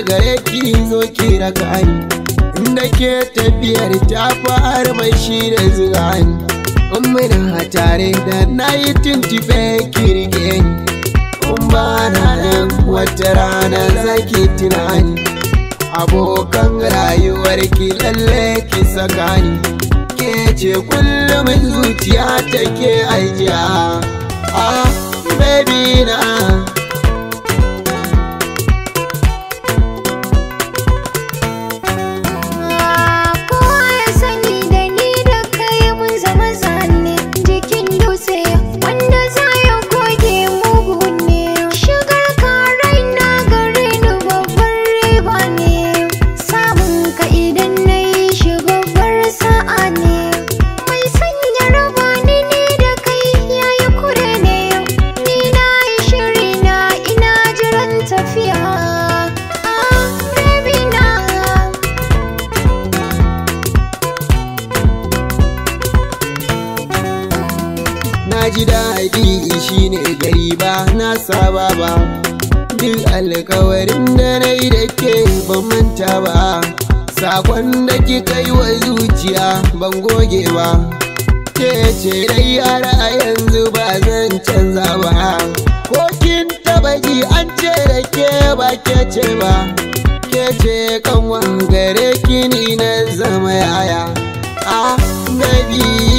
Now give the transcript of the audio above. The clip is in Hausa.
gare ki zo ki raka ni inda ke tafiyar ta fara mai shi da zirani ummina tare da na yi tuntube kirge ni kuma na nan wata rana zaki tunani abokan rayuwar ki lalle ki saka ni ke ce kullum zuciya take ajiya ah baby na ji daɗi ne gari ba na saba ba duk alkawarin da na yi da ke ban manta ba sakon da kika yi wa zuciya ban goge ba ke ce dai yara a yanzu ba zan canza ba ko kin taba yi an ce da ke ba ke ce ba ke ce kan wangare kini na zama yaya a nabi